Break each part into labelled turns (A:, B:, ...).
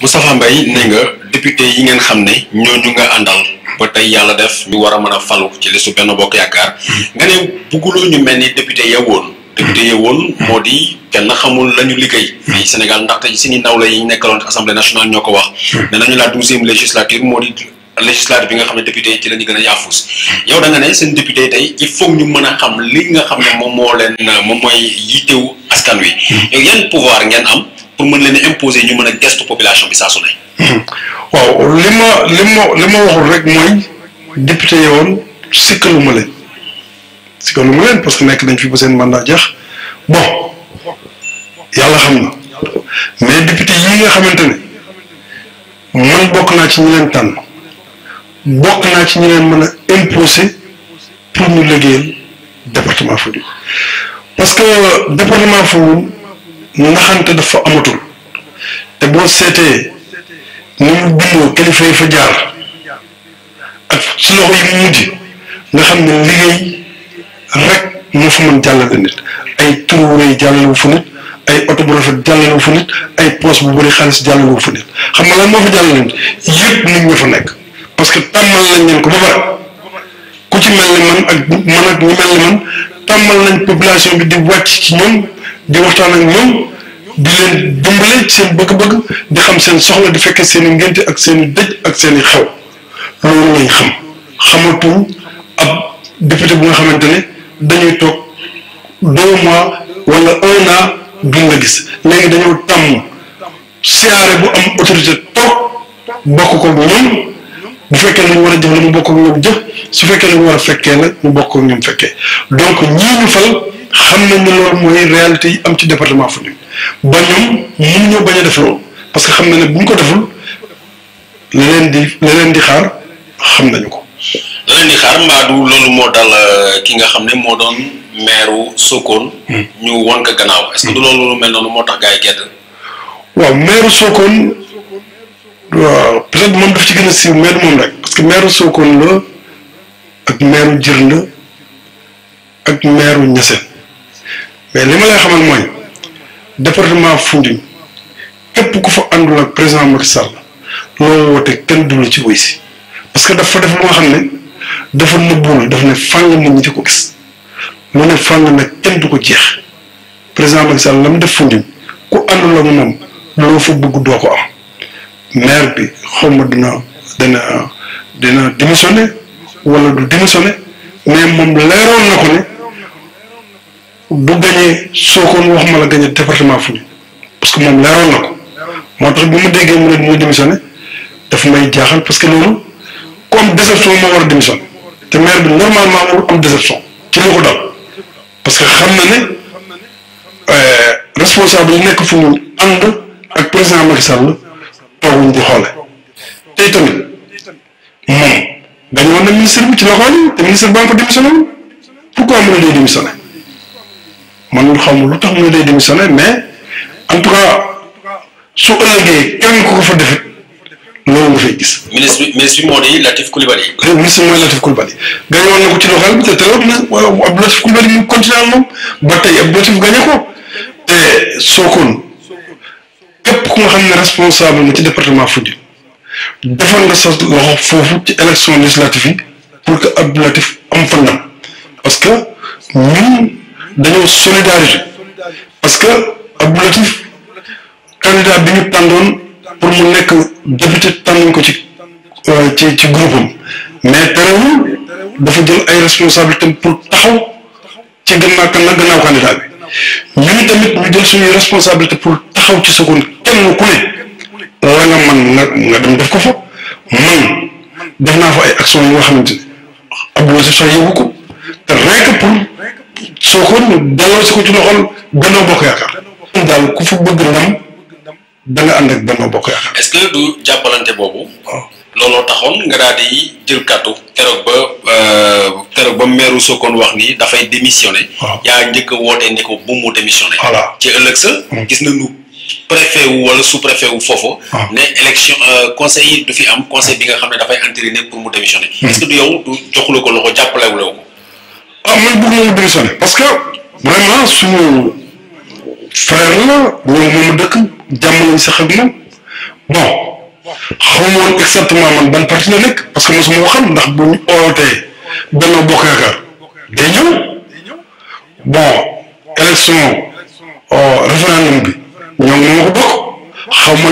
A: Moustapha Mbaye ne nga député yi ngeen xam ne ñu nga àndal ba tey yàlla def ñu war a mën a falu ci listu benn bokk yaakaar nga ne bugguloo ñu mel ni député ya woon député ya woon moo di kenn xamul la ñu liggéey fii Sénégal ndaxte seeni nawle yi nekkaloon assemblée nationale ñoo ko wax ne nañu la douzième législature moo di législature bi nga xam ne député yi ci la gën a yaafus yow da nga ne seen député yi tey il faut ñu mën a xam li nga xam ne moom moo leen moom mooy yittewu askan wi yow hmm. yan ngeen am pour mën leen a ñu mën a gestu population bi saa su ne.
B: waaw li ma li ma li ma waxul rek mooy député yowoon sikkaluma leen sikkaluma leen parce que nekk nañ fi ba seen man mandat jeex bon yàlla xam na mais député yi nga xamante ne man bokk naa ci ñi leen tànn bokk naa ci ñi leen mën a imposer pour ñu liggéeyal département Foundiougne parce que département Foundiougne. naxante dafa amatul te boo seetee ni bindoo kilifa yi fa jaar ak ci loxo yi mu mujj nga xam ne liggéey rek moo fa mën jàllale nit ay tur wu rëy jàllale fa nit ay oto bu rafet jàllale wu fa nit ay poos bu bëri xaalis jàllale wu fa nit xam nga la moo fa jàllale nit yëpp nit ñi fa nekk parce que tàmmal lañ leen ko ba pare ku ci mel ni man ak man ak ñu mel ni man tàmmal nañ population bi di wàcc ci ñoom. di waxtaan ak ñoom di leen dimbale seen bëgg-bëgg di xam seen soxla di fekkee seen i ngénte ak seen i dëj ak seen i xew loolu lañ xam xamatul ab député bu nga xamante ne dañuy toog deux mois wala un an duñ la gis léegi dañoo tàmm siyaare bu am autorité toog bokk ko ñoom bu fekkee lañu war a jëf la mu bokk ak ñoom jëf su fekkee lañu war a fekkee la mu bokk ak ñoom fekkee donc ñii ñu fal xam nañ ne loolu mooy réalité yi am ci département Foundiougne ba ñoom mun ñoo bañ a def loolu parce que xam na ne bu ñu ko deful la leen di la leen di xaar xam nañu ko.
A: la leen di xaar mbaa loolu moo dal euh, ki nga xam ne moo doon meeru Sokone. Hmm. ñu won ko gannaaw. est que hmm. loolu mel noonu moo tax gars yi gedd.
B: waaw meeru Sokone waaw peut-être moom daf ci gën a siiw moom rek parce que meeru Sokone la ak meeru Jirnda ak meeru mais li ma lay xamal mooy département Foundiougne képp ku fa àndul ak président Macky Sall loolu woote kenn dul ci wuy si parce que dafa def lu nga xam ne dafa nëbbuwul dafa ne fàng nit ñi di ko gis lu ne fàng kenn du ko jeex président Macky Sall la mu def Foundiougne ku àndul ak moom loo fa bëgg doo ko am maire bi xaw ma dina dina dina démissionné du démissionné mais moom leeroon na ko ne. du gañee wax ma la gañee département fu ñu parce que moom leeroon na ko moo tax bu ma déggee mu ne dina démissionné daf may jaaxal parce que loolu comme am déception moo war a démissionné te maire bi normalement warul am déception ci li ko dal parce que xam na ne euh, responsable yi nekk fu ñu ànd ak président Macky Sall tooguñ di xoole tey tamit moom dañu woon na ministre bi ci loxo te ministre baa ko démissionné pourquoi mu ne day man loolu xaw lu tax mu ne day démissionné mais en tout cas su ëllëgee kenn ku ko fa defit loolu nga fay gis.
A: ministre bi ministre bi moo di Latif Coulibaly. ministre
B: mooy Latif na ko ci loxal bi te teeloon na Latif Coulibaly mu continué moom ba tey Abdou Latif gagné ko te Sokone képp ku nga xam ne responsable nga ci département Foundiougne defoon nga sa loxo foofu ci élection législative yi pour que Abdou Latif am fa ndam parce que ñun. dañoo solidarité parce que Abdou Latif candidat bi ñu tàndoon pour mu nekk député tànnuñ ko ci euh, ci ci groupe am mais terewul dafa jël ay responsabilités pour taxaw ci gannaaw kan nag gannaaw candidat bi ñun tamit ñu jël suñuy responsabilité pour taxaw ci seconde kenn ku ne la nga man nga nga dem def ko fa man def naa fa ay action yoo xamante ne Abdou Latif sax yóbbu ko te rek pour Sokone delloo si ko ci
A: loxol Benno Bokk Yaakaar. daal ku fa bëgg ndam da nga ànd ak Benno Bokk Yaakaar. du jàppalante boobu. looloo taxoon nga daal di jël kàddu. keroog ba euh, keroog ba kon Sokone wax ni dafay démissionné. yaa njëkk wootee woote ne ko bu mu démissionné. voilà ci ëllëg sa. Hmm. gis na nu préfet wu wala sous préfet wu foofu. Ah. ne élection euh, conseil yi du fi am conseil bi nga xam ne dafay entériné pour mu démissionné. Hmm. est-ce que du yow du joxuloo ko loxo jàppalewuloo ko.
B: ah man bëgg moom démissionné parce que vraiment suñu frère la loolu moom dëkk jàmm lañ sax ak moom bon xaw ma woon exactement man ban parti la nekk parce que mosuma ko xam ndax bu ñu ootee Benno Bokk Yaakaar euh,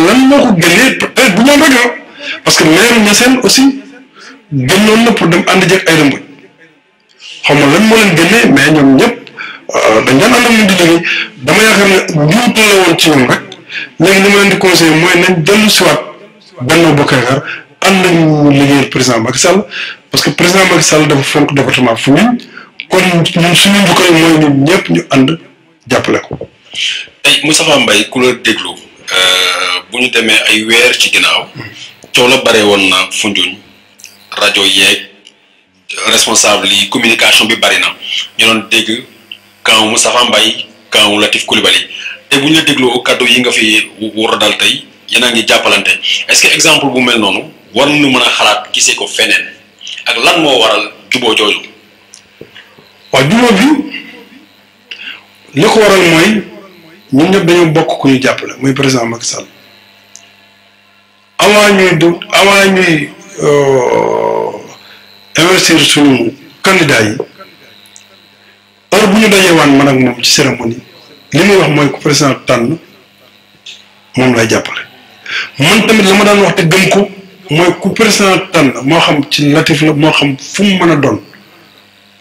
B: lan moo ko génnee peut-être parce que maire Niassène aussi génnoon na pour dem ànd jeeg ay rëmb. xam ma lan moo leen génnee mais ñoom ñëpp euh, dañ daan ànd ak ñun di liggéey dama yaakaar la woon ci ñoom rek léegi li ma leen di conseillé mooy nañ dellu siwaat Benno Bokk Yaakaar président Macky Sall parce que président Macky Sall dafa fonk département Foundiougne kon ñun suñu njukkal mooy ñun ñëpp ñu ànd
A: jàppale ko. tey Moustapha Mbaye ku déglu euh, bu ñu demee ay weer ci ginnaaw coow la bare woon na Foundiougne rajo yeeg. responsable yi communication bi bari na ñu doon dégg kaw Moustapha Mbaye kaw Latif Coulibaly te bu ñu la dégloo kàddu yi nga fi war a dal tey yéen ngi jàppalante est que exemple bu mel noonu war nu mën a xalaat gisee ko feneen ak lan moo waral juboo jooju.
B: waaw juboo bi li ko waral mooy ñun ñëpp dañoo bokk ku ñu jàppale muy président Macky Sall avant ñuy du avant ñuy. Euh, investir suñu candidat yi heure bu ñu dajeewaan man ak moom ci cérémonie li muy wax mooy ku président tànn moom lay jàppale man tamit la ma daan wax te gëm ko mooy ku président tànn moo xam ci latif la moo xam fu mu mën a doon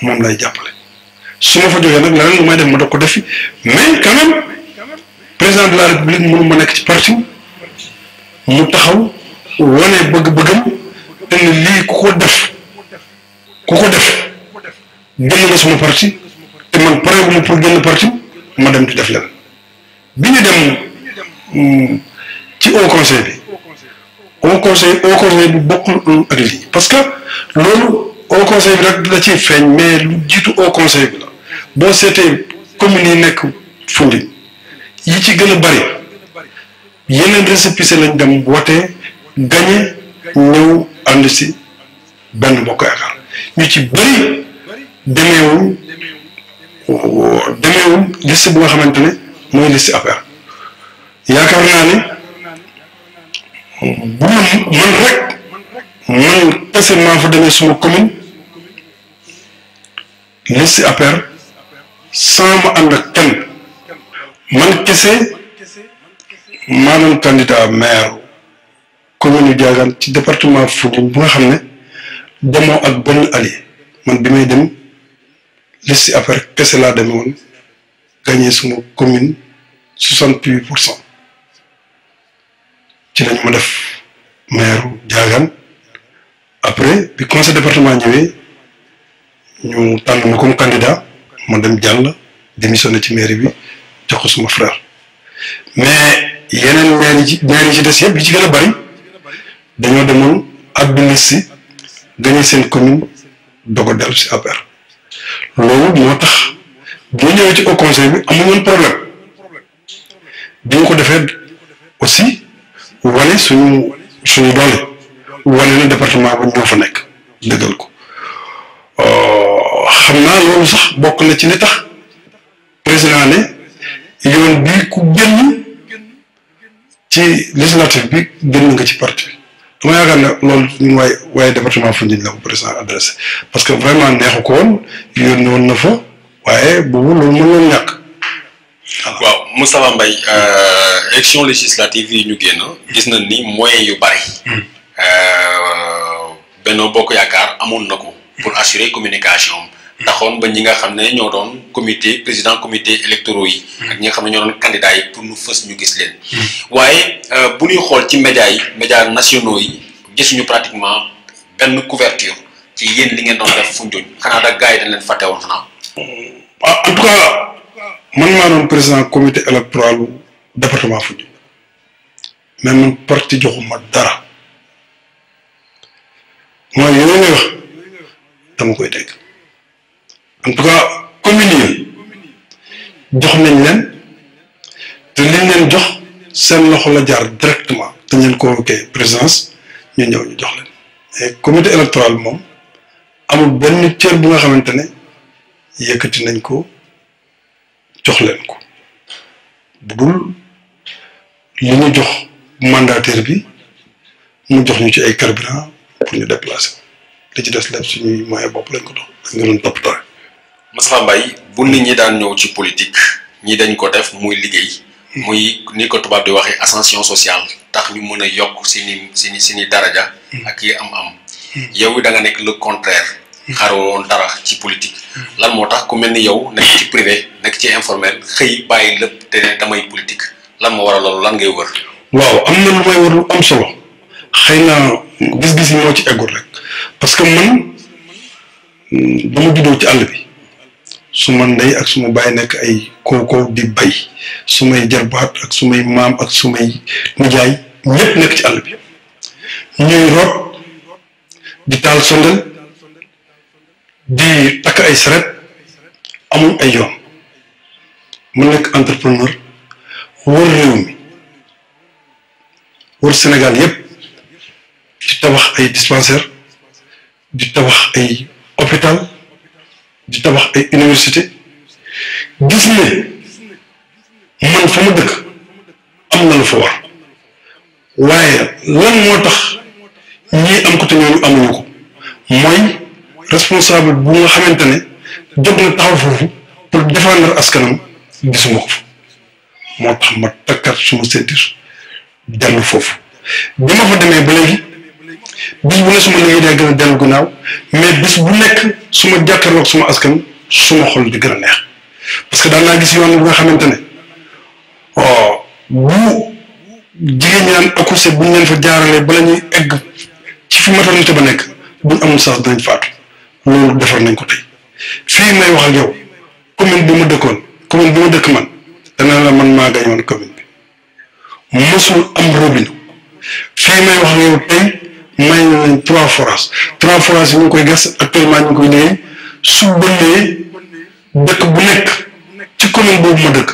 B: moom lay jàppale su ma fa jógee nag leneen lu may def ma da ko defi mais quand président de la république mënu ma nekk ci parti mu taxaw wane bëgg-bëggam te ne lii ku ko def ku ko def génn nga sama parti te man pare bu pour génn parti ma dem ci def leen bi ñu dem mm, ci au conseil bi au conseil au conseil bi bokkul ak lii parce que loolu au conseil bi rek la ciy feeñ mais lu jiitu au conseil bi la boo seetee commune yi nekk Foundiougne yi ci gën a bari yeneen récépissé lañ dem wote gañe ñëw ànd si benn bokk yaakaar ñu ci bëri demeewul demeewul liste bu nga xamante ne mooy liste affaire yaakaar naa ne bu man man rek man kese maa fa demee suma commune liste APR sans ma ànd ak kenn man kese maa doon candidat maire commune yu ci département Foundiougne bu nga xam ne demoo ak benn allié man bi may dem liste affaire kese laa demee woon suma commune soixante huit pour cent ci lañ ma def maire Diagane après bi conseil département ñëwee ñu tànn ma comme candidat ma dem jàll démissionné ci mairie bi jox ko suma frère mais yeneen maire ci des yëpp yi ci gën a bari dañoo demoon ak bi liste gañe seen commune doog a dellu si APR loolu moo tax boo ñëwee ci au conseil bi amuñu problème bi ñu ko defee aussi wane su suñu doole wane na département ba ñoo fa nekk dëggal ko euh, xam naa loolu sax bokk na ci li tax président ne yoon bii ku génn ci législative bi génn nga ci parti dama yaakaar ne loolu ñun way waaye département Foundiougne la ko président adressé parce que vraiment neexu ko woon yónni woon na fa waaye boobu loolu mën na ñàkk.
A: waaw Moustapha Mbaye euh, élection législative yi ñu génn gis na ni moyens yu bari. Hmm. Euh, Benno Bokk Yaakaar amoon na ko. pour assurer communication taxoon ba ñi nga xam ne ñoo doon comité président comité électoraux yi. ak ñi nga xam ne ñoo doon candidats yi pour nu fës ñu gis leen. Hmm. waaye euh, bu ñuy xool ci médias yi média nationaux yi gisuñu pratiquement benn couverture ci yéen li ngeen doon def Foundiougne xanaa da gars leen fàtte woon xanaa.
B: ah en tout man maa doon président comité électoral bu département Foundiougne mais man parti joxuma dara mooy yooyu nga wax dama koy dégg. en tout cas communes yi jox nañ leen te liñ leen jox seen loxo la jaar directement te koo convoqué présidence ñu ñëw ñu jox leen mais comité électoral moom amul benn cër bu nga xamante ne yëkkati nañ ko jox leen ko bu dul li ñu jox mandataire bi mu jox ñu ci ay carburant pour ñu déplacer li ci des lépp suñuy moyen bopp leen ko dox
A: dañ nga doon toppatoo Moustapha Mbaye bu nit ñi daan ñëw ci politique ñi dañ ko def muy liggéey muy ni ko tubaab di waxee ascension sociale tax ñu mën a yokk seeni seeni seeni daraja ak yi am am yow da nga nekk le contraire xaroon dara ci politique lan moo tax ku mel ni yow nekk ci privé nekk ci informel xëy bàyyi lépp te ne damay politique lan moo war lan ngay wër
B: waaw am na lu may wër am solo xëy na gis-gis yi moo ci eggul rek parce que man mm, dama juddoo ci àll bi suma ndey ak suma baay nekk ay kookow di bay sumay jarbaat ak sumay maam ak sumay nijaay ñëpp nekk ci àll bi ñuy root di taal sondal di takk ay saret amul ay yoon mu nekk entrepreneur wër réew mi wër Sénégal yëpp di tabax ay dispensaire di tabax ay hôpital di tabax ay université gis ne man fa ma dëkk am na lu fa war waaye lan moo tax ñii am ko te ñooñu amuñu ko mooy responsable bu nga xamante ne jóg na taxaw foofu pour défendre askanam gisuma ko fa moo tax ma takkaat suma sentir dellu foofu bi fa demee ba bis bu ne suma liggéey day gën a mais bis bu nekk suma suma askan suma xol di gën a neex parce que daan naa gis yoon bu nga xamante ne oh, bu jigéen ñi naan accouché bu ñu leen fa jaaralee bala ñuy egg ci fi maternité ba nekk buñ amul sax dinañ faatu loolu defar nañ ko tey fii may wax ak yow commune bi ma dëkkoon commune bi ma dëkk man dana la man maa gañoon commune bi am robinet fii may wax ak yow tey may na leen trois forages trois forages yi ñu koy gas actuellement ñu ngi koy liggéey su bëlee dëkk bu nekk ci commune boobu ma dëkk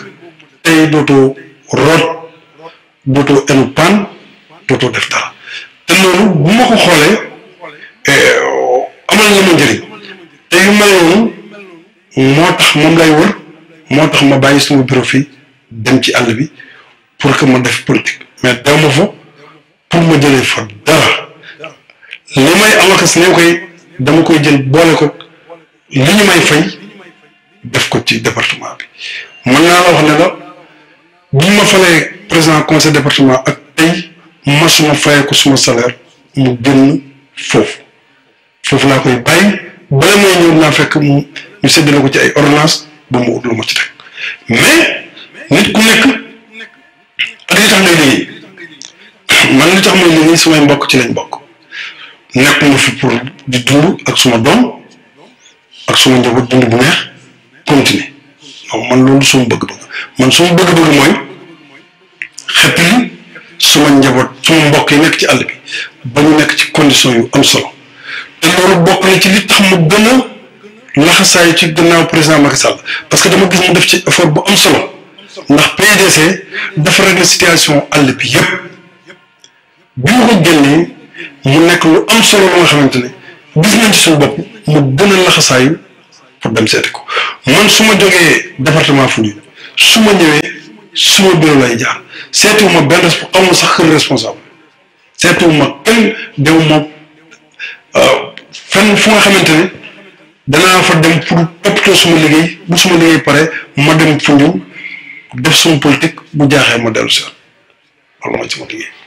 B: tey dootoo root dootoo enu paan dootoo def dara te loolu bu ma ko xoolee eh, amal nga ma njëriñ te yu mel moo tax moom lay wër moo tax ma bàyyi suma bureau fii dem ci àll bi pour que ma def politique mais daw ma pour ma jëlee fa dara li may alokas ne koy dama koy jël boole ko li ñu may fay def ko ci département bi mën naa la wax ne la bu ma falee président conseil département ak tey masuma fayee ko suma salaire mu génn foofu foofu laa koy bàyyi bala may ñëw naa fekk mu ñu séddale ko ci ay ordonnance ba mu ut lu ma ci teg mais nit ku nekk ak li tax ngay liggéey man li tax may liggéey sumay mbokk ci lañ bokk nekk ma fi pour di dund ak suma doom ak suma njaboot dund bu neex continuer donc man loolu suma bëgg-bëgg man suma bëgg-bëgg mooy xeppil suma njaboot suma mbokk yi nekk ci àll bi ba ñu nekk ci condition yu am solo te loolu bokk na ci li tax mu gën a laxasaay ci gannaaw président Macky Sall parce que dama gis mu def ci effort bu am solo ndax PDC dafa régler situation àll bi yëpp bi mu ko génnee mu nekk lu am solo la nga xamante ne gis nañ ci suñu bopp mu gën laxasaayu pour dem seeti ko man su ma jógee département Foundiougne su ma ñëwee suma bureau lay jaar seetiwuma benn amul sax kër responsable seetiwuma kenn dew ma euh, fenn fu nga xamante ne danaa fa dem pour toppatoo suma liggéey bu suma liggéey pare ma dem Foundiougne def suma politique bu jaaxee ma dellu si waat loolu ma ci ma liggéey